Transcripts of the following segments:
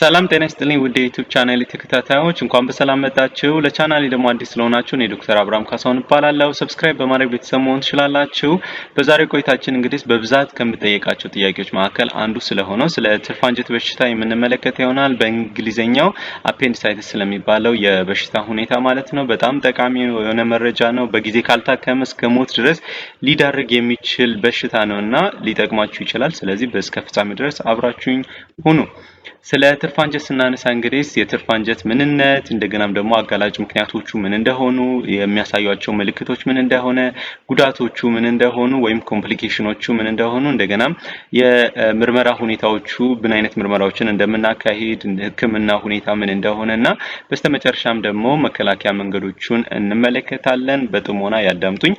ሰላም ጤና ይስጥልኝ ውድ የዩቲዩብ ቻናሌ ተከታታዮች እንኳን በሰላም መጣችሁ። ለቻናሌ ደግሞ አዲስ ስለሆናችሁ እኔ ዶክተር አብርሃም ካሳሁን እባላለሁ። ሰብስክራይብ በማድረግ ቤተሰብ መሆን ትችላላችሁ። በዛሬው ቆይታችን እንግዲህ በብዛት ከምጠየቃቸው ጥያቄዎች መካከል አንዱ ስለሆነው ስለ ትርፍ አንጀት በሽታ የምንመለከት ይሆናል። በእንግሊዘኛው አፔንዲሳይትስ ስለሚባለው የበሽታ ሁኔታ ማለት ነው። በጣም ጠቃሚ የሆነ መረጃ ነው። በጊዜ ካልታከመ እስከ ሞት ድረስ ሊዳርግ የሚችል በሽታ ነው እና ሊጠቅማችሁ ይችላል። ስለዚህ በእስከ ፍጻሜ ድረስ አብራችሁኝ ሁኑ። ስለ ትርፍ አንጀት ስናነሳ እንግዲህ የትርፍ አንጀት ምንነት እንደገናም ደግሞ አጋላጭ ምክንያቶቹ ምን እንደሆኑ የሚያሳዩቸው ምልክቶች ምን እንደሆነ ጉዳቶቹ ምን እንደሆኑ ወይም ኮምፕሊኬሽኖቹ ምን እንደሆኑ እንደገናም የምርመራ ሁኔታዎቹ ምን አይነት ምርመራዎችን እንደምናካሄድ ሕክምና ሁኔታ ምን እንደሆነ እና በስተመጨረሻም ደግሞ መከላከያ መንገዶቹን እንመለከታለን። በጥሞና ያዳምጡኝ።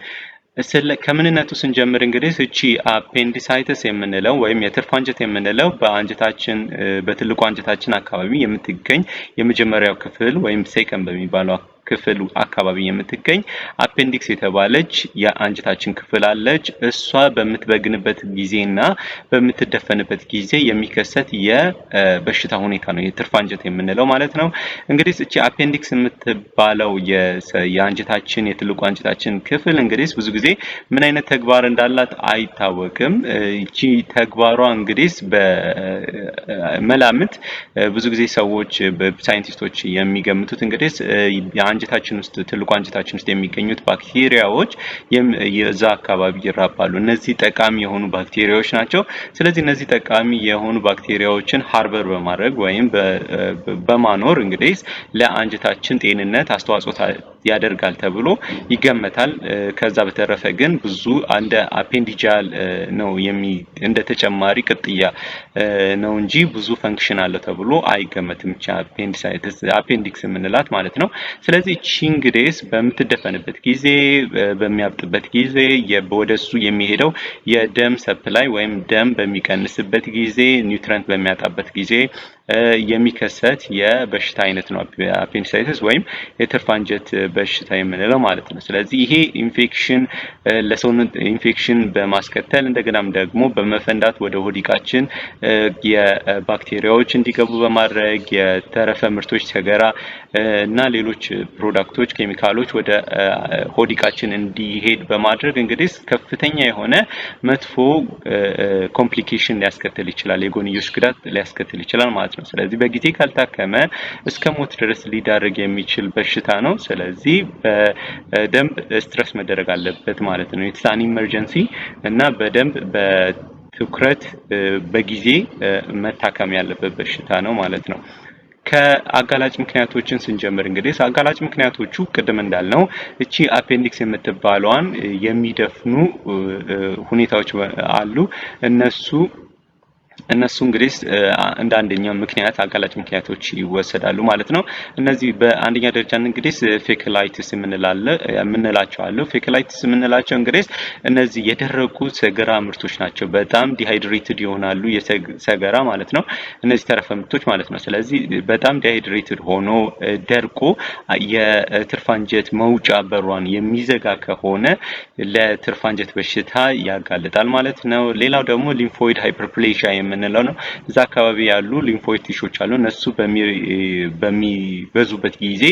ከምንነቱ ስንጀምር እንግዲህ እቺ አፔንዲሳይተስ የምንለው ወይም የትርፍ አንጀት የምንለው በአንጀታችን በትልቁ አንጀታችን አካባቢ የምትገኝ የመጀመሪያው ክፍል ወይም ሴከም በሚባለው ክፍል አካባቢ የምትገኝ አፔንዲክስ የተባለች የአንጀታችን ክፍል አለች። እሷ በምትበግንበት ጊዜና በምትደፈንበት ጊዜ የሚከሰት የበሽታ ሁኔታ ነው የትርፍ አንጀት የምንለው ማለት ነው። እንግዲህ እቺ አፔንዲክስ የምትባለው የአንጀታችን የትልቁ አንጀታችን ክፍል እንግዲህ ብዙ ጊዜ ምን አይነት ተግባር እንዳላት አይታወቅም። እቺ ተግባሯ እንግዲህ በመላምት ብዙ ጊዜ ሰዎች ሳይንቲስቶች የሚገምቱት እንግዲህ አንጀታችን ውስጥ ትልቁ አንጀታችን ውስጥ የሚገኙት ባክቴሪያዎች የዛ አካባቢ ይራባሉ። እነዚህ ጠቃሚ የሆኑ ባክቴሪያዎች ናቸው። ስለዚህ እነዚህ ጠቃሚ የሆኑ ባክቴሪያዎችን ሀርበር በማድረግ ወይም በማኖር እንግዲህ ለአንጀታችን ጤንነት አስተዋጽኦ ያደርጋል ተብሎ ይገመታል። ከዛ በተረፈ ግን ብዙ እንደ አፔንዲጃል ነው እንደ ተጨማሪ ቅጥያ ነው እንጂ ብዙ ፈንክሽን አለው ተብሎ አይገመትም። አፔንዲክስ የምንላት ማለት ነው። ስለዚህ ቺንግዴስ በምትደፈንበት ጊዜ፣ በሚያብጥበት ጊዜ ወደሱ የሚሄደው የደም ሰፕላይ ወይም ደም በሚቀንስበት ጊዜ፣ ኒውትረንት በሚያጣበት ጊዜ የሚከሰት የበሽታ አይነት ነው። አፔንዲሳይትስ ወይም የትርፍ አንጀት በሽታ የምንለው ማለት ነው። ስለዚህ ይሄ ኢንፌክሽን ለሰውነት ኢንፌክሽን በማስከተል እንደገናም ደግሞ በመፈንዳት ወደ ሆዲቃችን የባክቴሪያዎች እንዲገቡ በማድረግ የተረፈ ምርቶች ሰገራ እና ሌሎች ፕሮዳክቶች ኬሚካሎች ወደ ሆዲቃችን እንዲሄድ በማድረግ እንግዲህ ከፍተኛ የሆነ መጥፎ ኮምፕሊኬሽን ሊያስከትል ይችላል፣ የጎንዮሽ ጉዳት ሊያስከትል ይችላል ማለት ነው። ስለዚህ በጊዜ ካልታከመ እስከ ሞት ድረስ ሊዳርግ የሚችል በሽታ ነው። ስለዚህ ስለዚህ በደንብ ስትረስ መደረግ አለበት ማለት ነው። ኢትስ ኢመርጀንሲ እና በደንብ በትኩረት በጊዜ መታከም ያለበት በሽታ ነው ማለት ነው። ከአጋላጭ ምክንያቶችን ስንጀምር እንግዲህ አጋላጭ ምክንያቶቹ ቅድም እንዳልነው እቺ አፔንዲክስ የምትባለዋን የሚደፍኑ ሁኔታዎች አሉ እነሱ እነሱ እንግዲህ እንደ አንደኛ ምክንያት አጋላጭ ምክንያቶች ይወሰዳሉ ማለት ነው። እነዚህ በአንደኛ ደረጃ እንግዲህ ፌክላይትስ የምንላቸው አሉ። ፌክላይትስ የምንላቸው እንግዲህ እነዚህ የደረቁ ሰገራ ምርቶች ናቸው። በጣም ዲሃይድሬትድ ይሆናሉ፣ የሰገራ ማለት ነው። እነዚህ ተረፈ ምርቶች ማለት ነው። ስለዚህ በጣም ዲሃይድሬትድ ሆኖ ደርቆ የትርፋንጀት መውጫ በሯን የሚዘጋ ከሆነ ለትርፋንጀት በሽታ ያጋልጣል ማለት ነው። ሌላው ደግሞ ሊምፎይድ ሃይፐርፕሌሻ የምን የምንለው ነው። እዛ አካባቢ ያሉ ሊምፎይድ ቲሾች አሉ። እነሱ በሚበዙበት ጊዜ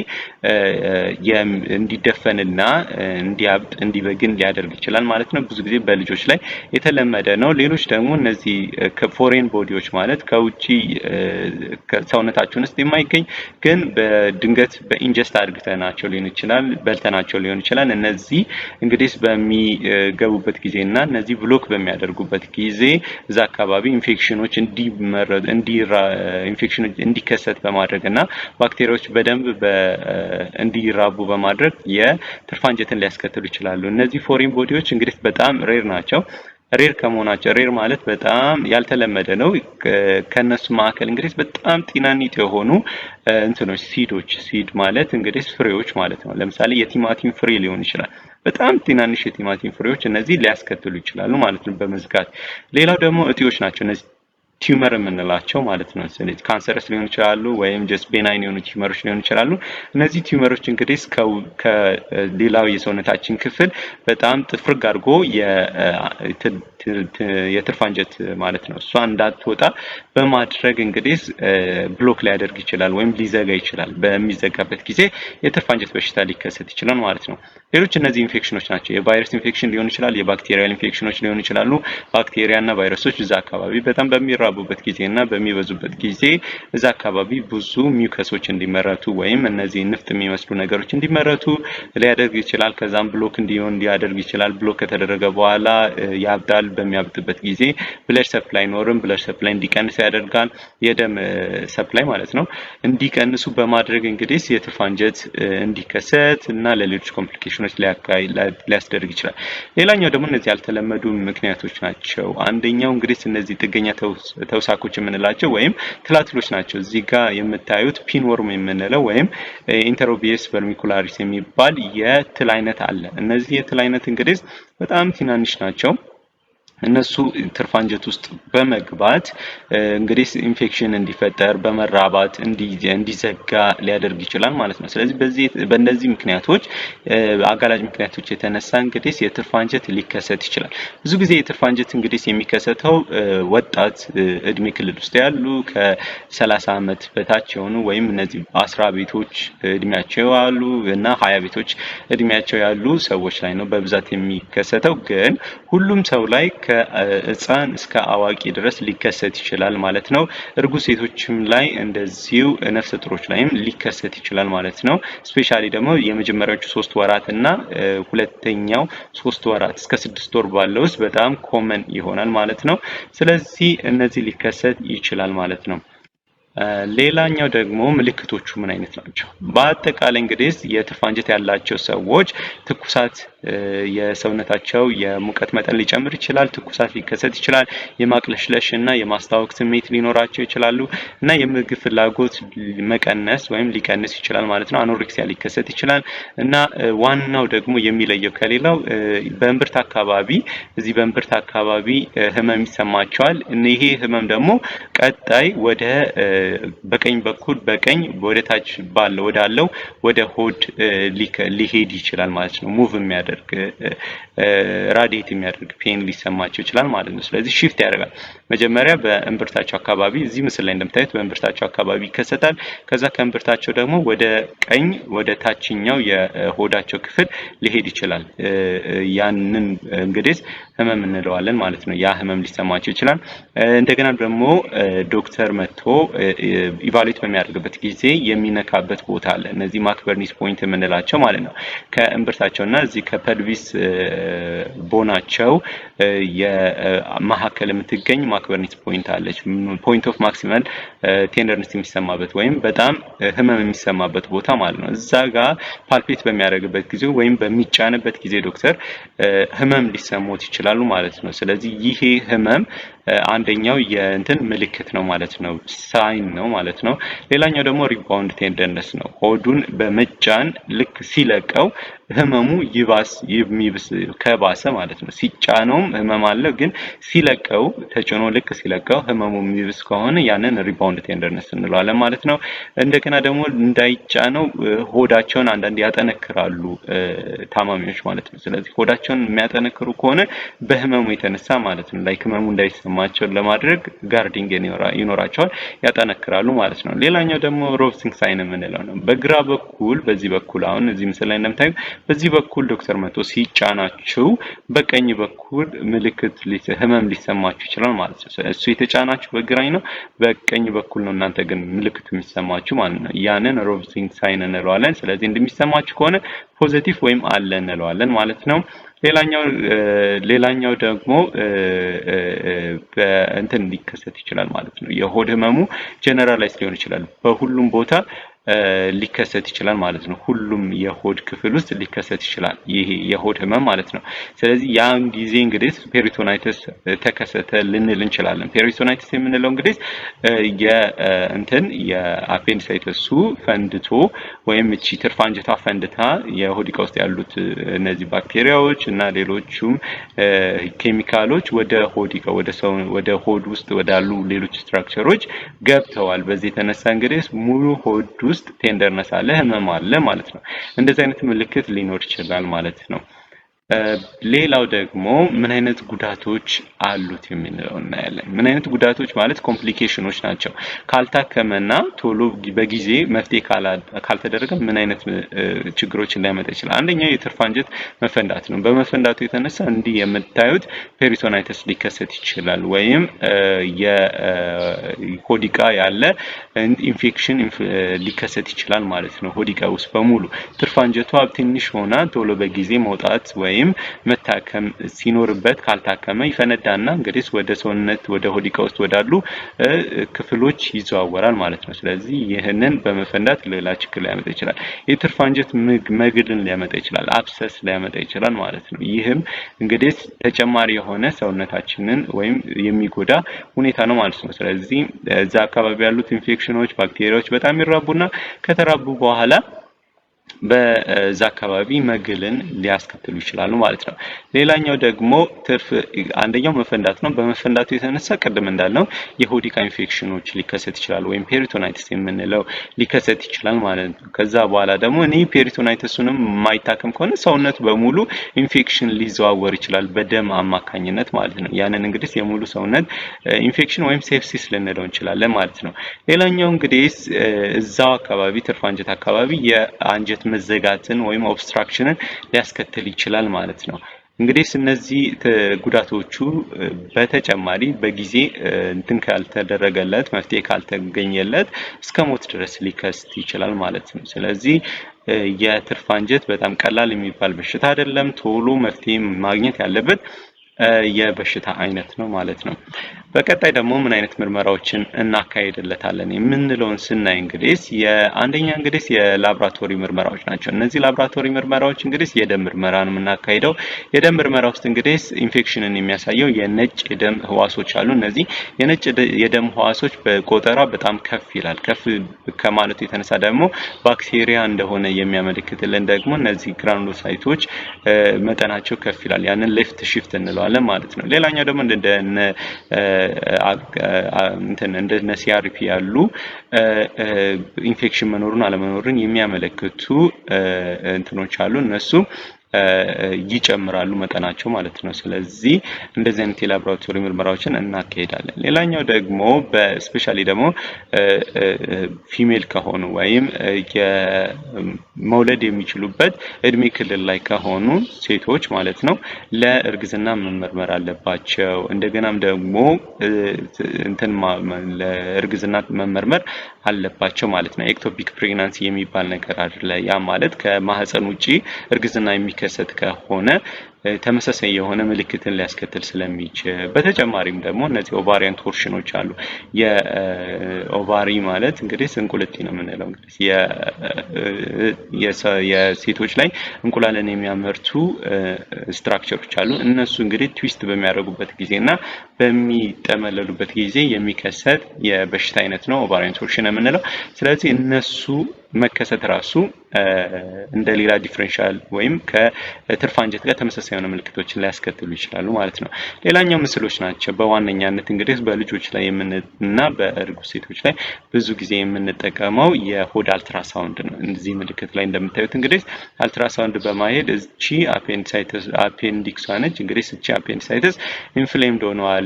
እንዲደፈንና እንዲያብጥ እንዲበግን ሊያደርግ ይችላል ማለት ነው። ብዙ ጊዜ በልጆች ላይ የተለመደ ነው። ሌሎች ደግሞ እነዚህ ፎሬን ቦዲዎች ማለት ከውጭ ሰውነታችን ውስጥ የማይገኝ ግን በድንገት በኢንጀስት አድርግተናቸው ሊሆን ይችላል፣ በልተናቸው ሊሆን ይችላል። እነዚህ እንግዲህ በሚገቡበት ጊዜ እና እነዚህ ብሎክ በሚያደርጉበት ጊዜ እዛ አካባቢ ኢንፌክሽን ኢንፌክሽኖች እንዲመረጡ ኢንፌክሽኖች እንዲከሰት በማድረግ እና ባክቴሪያዎች በደንብ እንዲራቡ በማድረግ የትርፍ አንጀትን ሊያስከትሉ ይችላሉ። እነዚህ ፎሪን ቦዲዎች እንግዲህ በጣም ሬር ናቸው። ሬር ከመሆናቸው ሬር ማለት በጣም ያልተለመደ ነው። ከነሱ መካከል እንግዲህ በጣም ጤናኒት የሆኑ እንትኖች ሲዶች፣ ሲድ ማለት እንግዲህ ፍሬዎች ማለት ነው። ለምሳሌ የቲማቲም ፍሬ ሊሆን ይችላል። በጣም ትናንሽ የቲማቲም ፍሬዎች እነዚህ ሊያስከትሉ ይችላሉ ማለት ነው በመዝጋት። ሌላው ደግሞ እጢዎች ናቸው። እነዚህ ቲዩመር የምንላቸው ማለት ነው። ስለዚህ ካንሰርስ ሊሆን ይችላሉ ወይም ጀስ ቤናይን የሆኑ ቲዩመሮች ሊሆን ይችላሉ። እነዚህ ቲዩመሮች እንግዲህ ከሌላው የሰውነታችን ክፍል በጣም ጥፍርግ አድርጎ የትርፍ አንጀት ማለት ነው። እሷ እንዳትወጣ በማድረግ እንግዲህ ብሎክ ሊያደርግ ይችላል ወይም ሊዘጋ ይችላል። በሚዘጋበት ጊዜ የትርፍ አንጀት በሽታ ሊከሰት ይችላል ማለት ነው። ሌሎች እነዚህ ኢንፌክሽኖች ናቸው። የቫይረስ ኢንፌክሽን ሊሆን ይችላል። የባክቴሪያል ኢንፌክሽኖች ሊሆኑ ይችላሉ። ባክቴሪያ እና ቫይረሶች እዛ አካባቢ በጣም በሚራቡበት ጊዜ እና በሚበዙበት ጊዜ እዛ አካባቢ ብዙ ሚውከሶች እንዲመረቱ ወይም እነዚህ ንፍጥ የሚመስሉ ነገሮች እንዲመረቱ ሊያደርግ ይችላል። ከዛም ብሎክ እንዲሆን ሊያደርግ ይችላል። ብሎክ ከተደረገ በኋላ ያብዳል በሚያብጥበት ጊዜ ብለድ ሰፕላይ ኖርም ብለድ ሰፕላይ እንዲቀንስ ያደርጋል። የደም ሰፕላይ ማለት ነው። እንዲቀንሱ በማድረግ እንግዲህ የትፍ አንጀት እንዲከሰት እና ለሌሎች ኮምፕሊኬሽኖች ሊያስደርግ ይችላል። ሌላኛው ደግሞ እነዚህ ያልተለመዱ ምክንያቶች ናቸው። አንደኛው እንግዲህ እነዚህ ጥገኛ ተውሳኮች የምንላቸው ወይም ትላትሎች ናቸው። እዚህ ጋር የምታዩት ፒንወርም የምንለው ወይም ኢንተሮቢየስ ቨርሚኩላሪስ የሚባል የትል አይነት አለ። እነዚህ የትል አይነት እንግዲህ በጣም ትናንሽ ናቸው። እነሱ ትርፍ አንጀት ውስጥ በመግባት እንግዲህ ኢንፌክሽን እንዲፈጠር በመራባት እንዲዘጋ ሊያደርግ ይችላል ማለት ነው። ስለዚህ በዚህ በእነዚህ ምክንያቶች አጋላጭ ምክንያቶች የተነሳ እንግዲህ የትርፍ አንጀት ሊከሰት ይችላል። ብዙ ጊዜ የትርፍ አንጀት እንግዲህ የሚከሰተው ወጣት እድሜ ክልል ውስጥ ያሉ ከሰላሳ ዓመት በታች የሆኑ ወይም እነዚህ አስራ ቤቶች እድሜያቸው ያሉ እና ሀያ ቤቶች እድሜያቸው ያሉ ሰዎች ላይ ነው በብዛት የሚከሰተው ግን ሁሉም ሰው ላይ ከህፃን እስከ አዋቂ ድረስ ሊከሰት ይችላል ማለት ነው። እርጉዝ ሴቶችም ላይ እንደዚሁ ነፍሰ ጥሮች ላይም ሊከሰት ይችላል ማለት ነው። ስፔሻሊ ደግሞ የመጀመሪያዎቹ ሶስት ወራት እና ሁለተኛው ሶስት ወራት እስከ ስድስት ወር ባለው ውስጥ በጣም ኮመን ይሆናል ማለት ነው። ስለዚህ እነዚህ ሊከሰት ይችላል ማለት ነው። ሌላኛው ደግሞ ምልክቶቹ ምን አይነት ናቸው? በአጠቃላይ እንግዲህ የትርፍ አንጀት ያላቸው ሰዎች ትኩሳት፣ የሰውነታቸው የሙቀት መጠን ሊጨምር ይችላል። ትኩሳት ሊከሰት ይችላል። የማቅለሽለሽ እና የማስታወክ ስሜት ሊኖራቸው ይችላሉ እና የምግብ ፍላጎት መቀነስ ወይም ሊቀንስ ይችላል ማለት ነው። አኖሪክሲያ ሊከሰት ይችላል እና ዋናው ደግሞ የሚለየው ከሌላው በእምብርት አካባቢ እዚህ በእምብርት አካባቢ ህመም ይሰማቸዋል። ይሄ ህመም ደግሞ ቀጣይ ወደ በቀኝ በኩል በቀኝ ወደታች ባለው ወዳለው ወደ ሆድ ሊሄድ ይችላል ማለት ነው። ሙቭ የሚያደርግ ራዲየት የሚያደርግ ፔን ሊሰማቸው ይችላል ማለት ነው። ስለዚህ ሺፍት ያደርጋል። መጀመሪያ በእምብርታቸው አካባቢ እዚህ ምስል ላይ እንደምታዩት በእምብርታቸው አካባቢ ይከሰታል። ከዛ ከእምብርታቸው ደግሞ ወደ ቀኝ ወደ ታችኛው የሆዳቸው ክፍል ሊሄድ ይችላል። ያንን እንግዲህ ህመም እንለዋለን ማለት ነው። ያ ህመም ሊሰማቸው ይችላል። እንደገና ደግሞ ዶክተር መጥቶ ኢቫሉዌት በሚያደርግበት ጊዜ የሚነካበት ቦታ አለ። እነዚህ ማክበርኒስ ፖይንት የምንላቸው ማለት ነው። ከእምብርታቸው እና እዚህ ከፐልቪስ ቦናቸው የመካከል የምትገኝ ማክበርኒስ ፖይንት አለች። ፖይንት ኦፍ ማክሲመል ቴንደርነስ የሚሰማበት ወይም በጣም ህመም የሚሰማበት ቦታ ማለት ነው። እዛ ጋር ፓልፔት በሚያደርግበት ጊዜ ወይም በሚጫንበት ጊዜ ዶክተር ህመም ሊሰሙት ይችላሉ ማለት ነው። ስለዚህ ይሄ ህመም አንደኛው የእንትን ምልክት ነው ማለት ነው፣ ሳይን ነው ማለት ነው። ሌላኛው ደግሞ ሪባውንድ ቴንደነስ ነው። ሆዱን በመጫን ልክ ሲለቀው ህመሙ ይባስ የሚብስ ከባሰ ማለት ነው። ሲጫነውም ህመም አለው፣ ግን ሲለቀው ተጭኖ ልክ ሲለቀው ህመሙ የሚብስ ከሆነ ያንን ሪባውንድ ቴንደርነስ እንለዋለን ማለት ነው። እንደገና ደግሞ እንዳይጫነው ሆዳቸውን አንዳንድ ያጠነክራሉ ታማሚዎች ማለት ነው። ስለዚህ ሆዳቸውን የሚያጠነክሩ ከሆነ በህመሙ የተነሳ ማለት ነው ላይክ ህመሙ እንዳይሰማቸውን ለማድረግ ጋርዲንግ ይኖራቸዋል፣ ያጠነክራሉ ማለት ነው። ሌላኛው ደግሞ ሮብሲንግ ሳይን የምንለው ነው። በግራ በኩል በዚህ በኩል አሁን እዚህ ምስል ላይ እንደምታዩ በዚህ በኩል ዶክተር መቶ ሲጫናችሁ በቀኝ በኩል ምልክት ህመም ሊሰማችሁ ይችላል ማለት ነው። እሱ የተጫናችሁ በግራኝ ነው፣ በቀኝ በኩል ነው እናንተ ግን ምልክት የሚሰማችሁ ማለት ነው። ያንን ሮብሲንግ ሳይን እንለዋለን። ስለዚህ እንደሚሰማችሁ ከሆነ ፖዘቲቭ ወይም አለ እንለዋለን ማለት ነው። ሌላኛው ሌላኛው ደግሞ በእንትን ሊከሰት ይችላል ማለት ነው። የሆድ ህመሙ ጀነራላይዝ ሊሆን ይችላል በሁሉም ቦታ ሊከሰት ይችላል ማለት ነው። ሁሉም የሆድ ክፍል ውስጥ ሊከሰት ይችላል ይሄ የሆድ ህመም ማለት ነው። ስለዚህ ያን ጊዜ እንግዲህ ፔሪቶናይተስ ተከሰተ ልንል እንችላለን። ፔሪቶናይተስ የምንለው እንግዲህ የእንትን የአፔንዲሳይተሱ ፈንድቶ ወይም እቺ ትርፍ አንጀቷ ፈንድታ የሆድ እቃ ውስጥ ያሉት እነዚህ ባክቴሪያዎች እና ሌሎቹም ኬሚካሎች ወደ ሆድ ወደ ሰው ወደ ሆድ ውስጥ ወዳሉ ሌሎች ስትራክቸሮች ገብተዋል። በዚህ የተነሳ እንግዲህ ሙሉ ሆድ ውስጥ ቴንደርነስ አለ፣ ህመም አለ ማለት ነው። እንደዚህ አይነት ምልክት ሊኖር ይችላል ማለት ነው። ሌላው ደግሞ ምን አይነት ጉዳቶች አሉት የሚለው እናያለን። ምን አይነት ጉዳቶች ማለት ኮምፕሊኬሽኖች ናቸው። ካልታከመና ቶሎ በጊዜ መፍትሄ ካልተደረገ ምን አይነት ችግሮችን ሊያመጣ ይችላል? አንደኛው የትርፍ አንጀት መፈንዳት ነው። በመፈንዳቱ የተነሳ እንዲህ የምታዩት ፔሪቶናይተስ ሊከሰት ይችላል። ወይም የሆዲቃ ያለ ኢንፌክሽን ሊከሰት ይችላል ማለት ነው። ሆዲቃ ውስጥ በሙሉ ትርፍ አንጀቷ ትንሽ ሆና ቶሎ በጊዜ መውጣት ወይም ወይም መታከም ሲኖርበት ካልታከመ ይፈነዳና እንግዲህ ወደ ሰውነት ወደ ሆዲቃ ውስጥ ወዳሉ ክፍሎች ይዘዋወራል ማለት ነው። ስለዚህ ይህንን በመፈንዳት ሌላ ችግር ሊያመጣ ይችላል። የትርፍ አንጀት መግልን ሊያመጣ ይችላል፣ አብሰስ ሊያመጣ ይችላል ማለት ነው። ይህም እንግዲህ ተጨማሪ የሆነ ሰውነታችንን ወይም የሚጎዳ ሁኔታ ነው ማለት ነው። ስለዚህ እዛ አካባቢ ያሉት ኢንፌክሽኖች፣ ባክቴሪያዎች በጣም ይራቡና ከተራቡ በኋላ በዛ አካባቢ መግልን ሊያስከትሉ ይችላሉ ማለት ነው። ሌላኛው ደግሞ ትርፍ አንደኛው መፈንዳት ነው። በመፈንዳቱ የተነሳ ቅድም እንዳልነው የሆዲካ ኢንፌክሽኖች ሊከሰት ይችላል ወይም ፔሪቶናይትስ የምንለው ሊከሰት ይችላል ማለት ነው። ከዛ በኋላ ደግሞ እኔ ፔሪቶናይተሱንም የማይታከም ከሆነ ሰውነት በሙሉ ኢንፌክሽን ሊዘዋወር ይችላል በደም አማካኝነት ማለት ነው። ያንን እንግዲህ የሙሉ ሰውነት ኢንፌክሽን ወይም ሴፕሲስ ልንለው እንችላለን ማለት ነው። ሌላኛው እንግዲህ እዛው አካባቢ ትርፍ አንጀት አካባቢ የአንጀት መዘጋትን ወይም ኦብስትራክሽንን ሊያስከትል ይችላል ማለት ነው። እንግዲህ እነዚህ ጉዳቶቹ በተጨማሪ በጊዜ እንትን ካልተደረገለት መፍትሄ ካልተገኘለት እስከ ሞት ድረስ ሊከስት ይችላል ማለት ነው። ስለዚህ የትርፍ አንጀት በጣም ቀላል የሚባል በሽታ አይደለም። ቶሎ መፍትሄ ማግኘት ያለበት የበሽታ አይነት ነው ማለት ነው። በቀጣይ ደግሞ ምን አይነት ምርመራዎችን እናካሄድለታለን የምንለውን ስናይ እንግዲህ የአንደኛ እንግዲህ የላብራቶሪ ምርመራዎች ናቸው። እነዚህ ላብራቶሪ ምርመራዎች እንግዲህ የደም ምርመራ ነው የምናካሄደው። የደም ምርመራ ውስጥ እንግዲህ ኢንፌክሽንን የሚያሳየው የነጭ የደም ህዋሶች አሉ። እነዚህ የነጭ የደም ህዋሶች በቆጠራ በጣም ከፍ ይላል። ከፍ ከማለቱ የተነሳ ደግሞ ባክቴሪያ እንደሆነ የሚያመለክትልን ደግሞ እነዚህ ግራኑሎሳይቶች መጠናቸው ከፍ ይላል። ያንን ሌፍት ሽፍት እንለዋለን። እንችላለን ማለት ነው። ሌላኛው ደግሞ እንደነ ሲአርፒ ያሉ ኢንፌክሽን መኖሩን አለመኖሩን የሚያመለክቱ እንትኖች አሉ እነሱ ይጨምራሉ መጠናቸው ማለት ነው። ስለዚህ እንደዚህ አይነት የላብራቶሪ ምርመራዎችን እናካሄዳለን። ሌላኛው ደግሞ በስፔሻሊ ደግሞ ፊሜል ከሆኑ ወይም መውለድ የሚችሉበት እድሜ ክልል ላይ ከሆኑ ሴቶች ማለት ነው ለእርግዝና መመርመር አለባቸው። እንደገናም ደግሞ እንትን ለእርግዝና መመርመር አለባቸው ማለት ነው። ኤክቶፒክ ፕሬግናንሲ የሚባል ነገር አለ። ያ ማለት ከማህፀን ውጪ እርግዝና የሚ የሚከሰት ከሆነ ተመሳሳይ የሆነ ምልክትን ሊያስከትል ስለሚችል በተጨማሪም ደግሞ እነዚህ ኦቫሪያን ቶርሽኖች አሉ። የኦቫሪ ማለት እንግዲህ እንቁልጤ ነው የምንለው እንግዲህ የሴቶች ላይ እንቁላልን የሚያመርቱ ስትራክቸሮች አሉ። እነሱ እንግዲህ ትዊስት በሚያደርጉበት ጊዜ እና በሚጠመለሉበት ጊዜ የሚከሰት የበሽታ አይነት ነው ኦቫሪያን ቶርሽን የምንለው። ስለዚህ እነሱ መከሰት ራሱ እንደ ሌላ ዲፍረንሻል ወይም ከትርፍ አንጀት ጋር ተመሳሳይ የሆነ ምልክቶችን ሊያስከትሉ ይችላሉ ማለት ነው። ሌላኛው ምስሎች ናቸው። በዋነኛነት እንግዲህ በልጆች ላይ እና በእርጉ ሴቶች ላይ ብዙ ጊዜ የምንጠቀመው የሆድ አልትራሳውንድ ነው። እዚህ ምልክት ላይ እንደምታዩት እንግዲህ አልትራሳውንድ በማሄድ እቺ አፔንዲክሷ ነች። እንግዲህ እቺ አፔንዲሳይተስ ኢንፍሌምድ ሆነዋል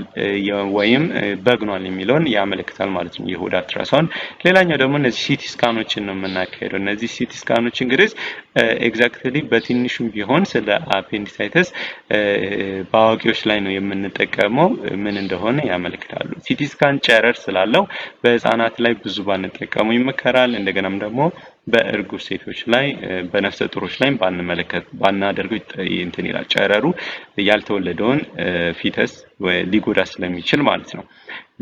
ወይም በግኗል የሚለውን ያመለክታል ማለት ነው የሆድ አልትራሳውንድ። ሌላኛው ደግሞ እነዚህ ሲቲ ስካኖችን ነው የምናካሄደው። እነዚህ ሲቲ ስካኖች እንግዲህ ኤግዛክትሊ በትንሹም ቢሆን ስለ አፔንዲሳይተስ በአዋቂዎች ላይ ነው የምንጠቀመው ምን እንደሆነ ያመለክታሉ። ሲቲ ስካን ጨረር ስላለው በህፃናት ላይ ብዙ ባንጠቀመው ይመከራል። እንደገናም ደግሞ በእርጉዝ ሴቶች ላይ በነፍሰ ጡሮች ላይ ባንመለከት ባናደርገው እንትን ይላል ጨረሩ ያልተወለደውን ፊተስ ሊጎዳ ስለሚችል ማለት ነው።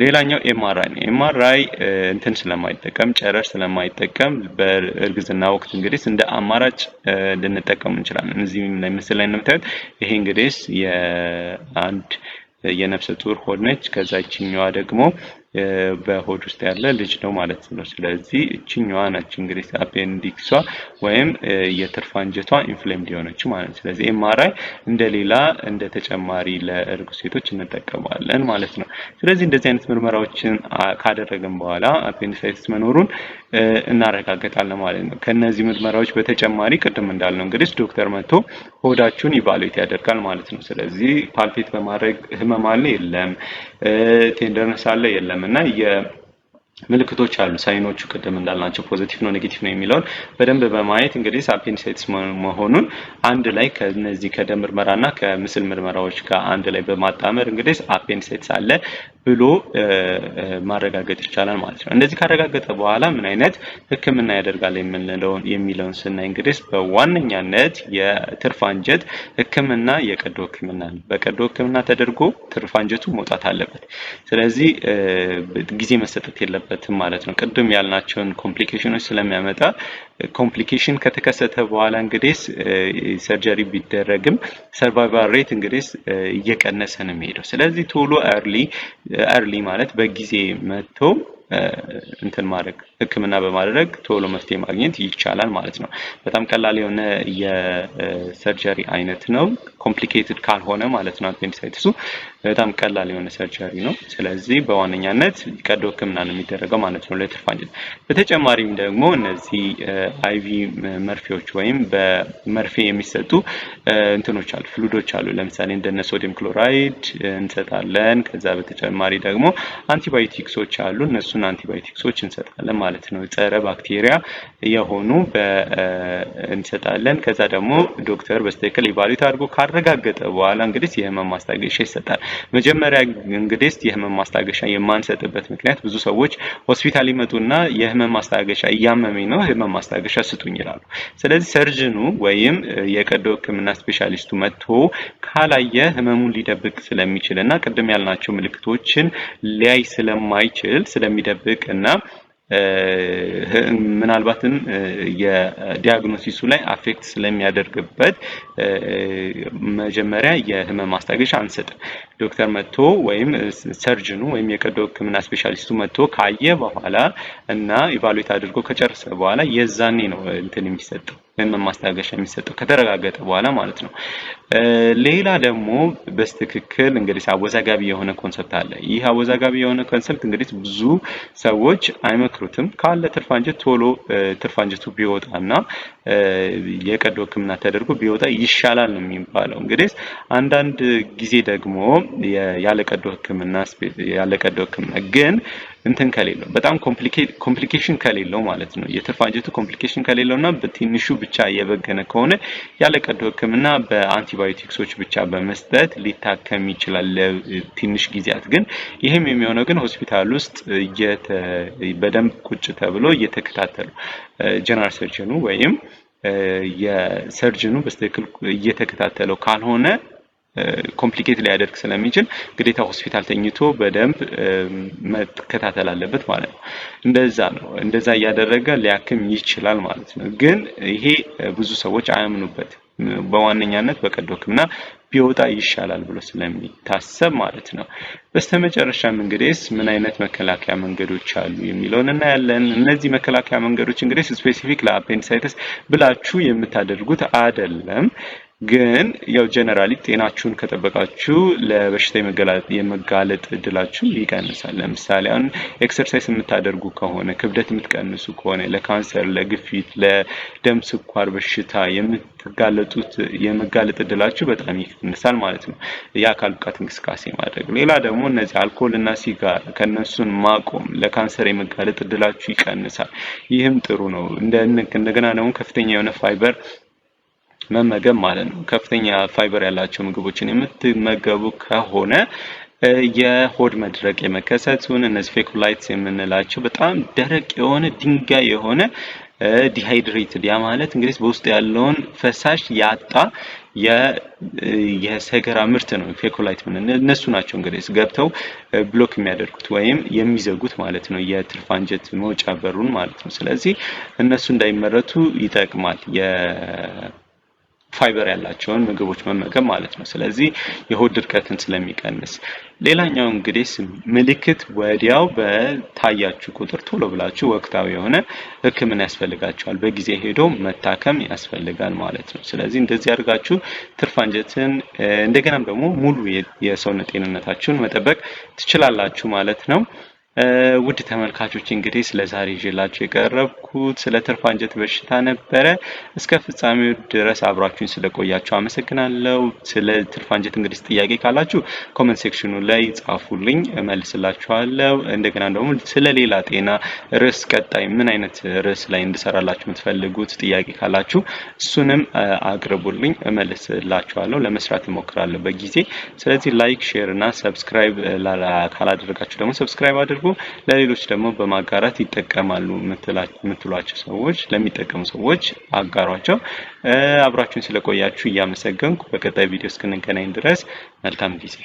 ሌላኛው ኤምአርአይ ነው። ኤምአርአይ እንትን ስለማይጠቀም ጨረር ስለማይጠቀም በእርግዝና ወቅት እንግዲህ እንደ አማራጭ ልንጠቀሙ እንችላለን። እዚህም ላይ ምስል ላይ እንደምታዩት ይሄ እንግዲህ የአንድ የነፍሰ ጡር ሆድ ነች። ከዛችኛዋ ደግሞ በሆድ ውስጥ ያለ ልጅ ነው ማለት ነው። ስለዚህ እችኛዋ ናች እንግዲህ አፔንዲክሷ ወይም የትርፍ አንጀቷ ኢንፍሌምድ የሆነችው ማለት ነው። ስለዚህ ኤምአርአይ እንደ ሌላ እንደ ተጨማሪ ለእርጉዝ ሴቶች እንጠቀመዋለን ማለት ነው። ስለዚህ እንደዚህ አይነት ምርመራዎችን ካደረግን በኋላ አፔንዲሳይትስ መኖሩን እናረጋግጣለን ማለት ነው። ከነዚህ ምርመራዎች በተጨማሪ ቅድም እንዳልነው እንግዲህ ዶክተር መጥቶ ሆዳችሁን ኢቫሉዌት ያደርጋል ማለት ነው። ስለዚህ ፓልፔት በማድረግ ህመም አለ የለም፣ ቴንደርነስ አለ የለም አይደለም እና ምልክቶች አሉ። ሳይኖቹ ቅድም እንዳልናቸው ፖዘቲቭ ነው ኔጌቲቭ ነው የሚለውን በደንብ በማየት እንግዲህ አፔንዲሳይትስ መሆኑን አንድ ላይ ከነዚህ ከደም ምርመራና ከምስል ምርመራዎች ጋር አንድ ላይ በማጣመር እንግዲህ አፔንዲሳይትስ አለ ብሎ ማረጋገጥ ይቻላል ማለት ነው። እንደዚህ ካረጋገጠ በኋላ ምን አይነት ህክምና ያደርጋል የምንለውን የሚለውን ስናይ እንግዲህ በዋነኛነት የትርፍ አንጀት ህክምና የቀዶ ህክምና ነው። በቀዶ ህክምና ተደርጎ ትርፍ አንጀቱ መውጣት አለበት። ስለዚህ ጊዜ መሰጠት የለበትም ማለት ነው። ቅድም ያልናቸውን ኮምፕሊኬሽኖች ስለሚያመጣ ኮምፕሊኬሽን ከተከሰተ በኋላ እንግዲህ ሰርጀሪ ቢደረግም ሰርቫይቫል ሬት እንግዲህ እየቀነሰ ነው የሚሄደው። ስለዚህ ቶሎ ኤርሊ ኤርሊ ማለት በጊዜ መጥቶ እንትን ማድረግ ህክምና በማድረግ ቶሎ መፍትሄ ማግኘት ይቻላል ማለት ነው። በጣም ቀላል የሆነ የሰርጀሪ አይነት ነው፣ ኮምፕሊኬትድ ካልሆነ ማለት ነው አፔንዲሳይትሱ። በጣም ቀላል የሆነ ሰርጀሪ ነው። ስለዚህ በዋነኛነት ቀዶ ሕክምና ነው የሚደረገው ማለት ነው ለትርፍ አንጀት። በተጨማሪም ደግሞ እነዚህ አይቪ መርፌዎች ወይም በመርፌ የሚሰጡ እንትኖች አሉ፣ ፍሉዶች አሉ። ለምሳሌ እንደነ ሶዲየም ክሎራይድ እንሰጣለን። ከዛ በተጨማሪ ደግሞ አንቲባዮቲክሶች አሉ። እነሱን አንቲባዮቲክሶች እንሰጣለን ማለት ነው። ጸረ ባክቴሪያ የሆኑ እንሰጣለን። ከዛ ደግሞ ዶክተር በስተክል ኢቫሉዌት አድርጎ ካረጋገጠ በኋላ እንግዲህ የህመም ማስታገሻ ይሰጣል። መጀመሪያ እንግዲህ የህመም ማስታገሻ የማንሰጥበት ምክንያት ብዙ ሰዎች ሆስፒታል ይመጡና የህመም ማስታገሻ እያመመኝ ነው፣ ህመም ማስታገሻ ስጡኝ ይላሉ። ስለዚህ ሰርጅኑ ወይም የቀዶ ህክምና ስፔሻሊስቱ መጥቶ ካላየ ህመሙን ሊደብቅ ስለሚችል እና ቅድም ያልናቸው ምልክቶችን ሊያይ ስለማይችል ስለሚደብቅ እና ምናልባትም የዲያግኖሲሱ ላይ አፌክት ስለሚያደርግበት መጀመሪያ የህመም ማስታገሻ አንሰጥም። ዶክተር መጥቶ ወይም ሰርጅኑ ወይም የቀዶ ህክምና ስፔሻሊስቱ መጥቶ ካየ በኋላ እና ኢቫሉዌት አድርጎ ከጨረሰ በኋላ የዛኔ ነው እንትን የሚሰጠው። የህመም ማስታገሻ የሚሰጠው ከተረጋገጠ በኋላ ማለት ነው። ሌላ ደግሞ በስትክክል እንግዲህ አወዛጋቢ የሆነ ኮንሰፕት አለ። ይህ አወዛጋቢ የሆነ ኮንሰፕት እንግዲህ ብዙ ሰዎች አይመክሩትም። ካለ ትርፍ ቶሎ ትርፋንጀቱ አንጀቱ ቢወጣ እና የቀዶ ሕክምና ተደርጎ ቢወጣ ይሻላል ነው የሚባለው። እንግዲህ አንዳንድ ጊዜ ደግሞ ያለቀዶ ቀዶ ሕክምና ያለ ሕክምና ግን እንትን ከሌለው በጣም ኮምፕሊኬሽን ከሌለው ማለት ነው። የትርፍ አንጀቱ ኮምፕሊኬሽን ከሌለው እና በትንሹ ብቻ እየበገነ ከሆነ ያለ ቀዶ ሕክምና በአንቲባዮቲክሶች ብቻ በመስጠት ሊታከም ይችላል ለትንሽ ጊዜያት። ግን ይህም የሚሆነው ግን ሆስፒታል ውስጥ በደንብ ቁጭ ተብሎ እየተከታተሉ ጀነራል ሰርጅኑ ወይም የሰርጅኑ በስትክክል እየተከታተለው ካልሆነ ኮምፕሊኬት ሊያደርግ ስለሚችል ግዴታ ሆስፒታል ተኝቶ በደንብ መከታተል አለበት ማለት ነው። እንደዛ ነው። እንደዛ እያደረገ ሊያክም ይችላል ማለት ነው። ግን ይሄ ብዙ ሰዎች አያምኑበት በዋነኛነት በቀዶ ሕክምና ቢወጣ ይሻላል ብሎ ስለሚታሰብ ማለት ነው። በስተመጨረሻም እንግዲህ ምን አይነት መከላከያ መንገዶች አሉ የሚለውን እናያለን። እነዚህ መከላከያ መንገዶች እንግዲህ ስፔሲፊክ ለአፔንዲሳይተስ ብላችሁ የምታደርጉት አይደለም። ግን ያው ጀነራሊ ጤናችሁን ከጠበቃችሁ ለበሽታ የመጋለጥ እድላችሁ ይቀንሳል። ለምሳሌ አሁን ኤክሰርሳይዝ የምታደርጉ ከሆነ ክብደት የምትቀንሱ ከሆነ ለካንሰር፣ ለግፊት፣ ለደም ስኳር በሽታ የምትጋለጡት የመጋለጥ እድላችሁ በጣም ይቀንሳል ማለት ነው። የአካል ብቃት እንቅስቃሴ ማድረግ። ሌላ ደግሞ እነዚህ አልኮል እና ሲጋር ከነሱን ማቆም ለካንሰር የመጋለጥ እድላችሁ ይቀንሳል። ይህም ጥሩ ነው። እንደገና ደግሞ ከፍተኛ የሆነ ፋይበር መመገብ ማለት ነው። ከፍተኛ ፋይበር ያላቸው ምግቦችን የምትመገቡ ከሆነ የሆድ መድረቅ የመከሰቱን እነዚህ ፌኮላይትስ የምንላቸው በጣም ደረቅ የሆነ ድንጋይ የሆነ ዲሃይድሬትድ ያ ማለት እንግዲህ በውስጡ ያለውን ፈሳሽ ያጣ የሰገራ ምርት ነው። ፌኮላይት ምን እነሱ ናቸው እንግዲህ ገብተው ብሎክ የሚያደርጉት ወይም የሚዘጉት ማለት ነው፣ የትርፍ አንጀት መውጫ በሩን ማለት ነው። ስለዚህ እነሱ እንዳይመረቱ ይጠቅማል። ፋይበር ያላቸውን ምግቦች መመገብ ማለት ነው። ስለዚህ የሆድ ድርቀትን ስለሚቀንስ፣ ሌላኛው እንግዲህ ምልክት ወዲያው በታያችሁ ቁጥር ቶሎ ብላችሁ ወቅታዊ የሆነ ሕክምና ያስፈልጋቸዋል። በጊዜ ሄዶ መታከም ያስፈልጋል ማለት ነው። ስለዚህ እንደዚህ አድርጋችሁ ትርፍ አንጀትን እንደገናም ደግሞ ሙሉ የሰውነት ጤንነታችሁን መጠበቅ ትችላላችሁ ማለት ነው። ውድ ተመልካቾች እንግዲህ ስለ ዛሬ ይዤላችሁ የቀረብኩት ስለ ትርፍ አንጀት በሽታ ነበረ። እስከ ፍጻሜው ድረስ አብራችሁኝ ስለቆያችሁ አመሰግናለሁ። ስለ ትርፍ አንጀት እንግዲህ ጥያቄ ካላችሁ ኮመንት ሴክሽኑ ላይ ጻፉልኝ፣ እመልስላችኋለሁ። እንደገና ደግሞ ስለ ሌላ ጤና ርዕስ ቀጣይ ምን አይነት ርዕስ ላይ እንድሰራላችሁ የምትፈልጉት ጥያቄ ካላችሁ እሱንም አቅርቡልኝ፣ እመልስላችኋለሁ። ለመስራት እሞክራለሁ በጊዜ። ስለዚህ ላይክ፣ ሼር እና ሰብስክራይብ ካላደረጋችሁ ደግሞ ሰብስክራይብ አድርጉ። አድርጎ ለሌሎች ደግሞ በማጋራት ይጠቀማሉ የምትሏቸው ሰዎች ለሚጠቀሙ ሰዎች አጋሯቸው። አብራችሁን ስለቆያችሁ እያመሰገንኩ በቀጣይ ቪዲዮ እስክንገናኝ ድረስ መልካም ጊዜ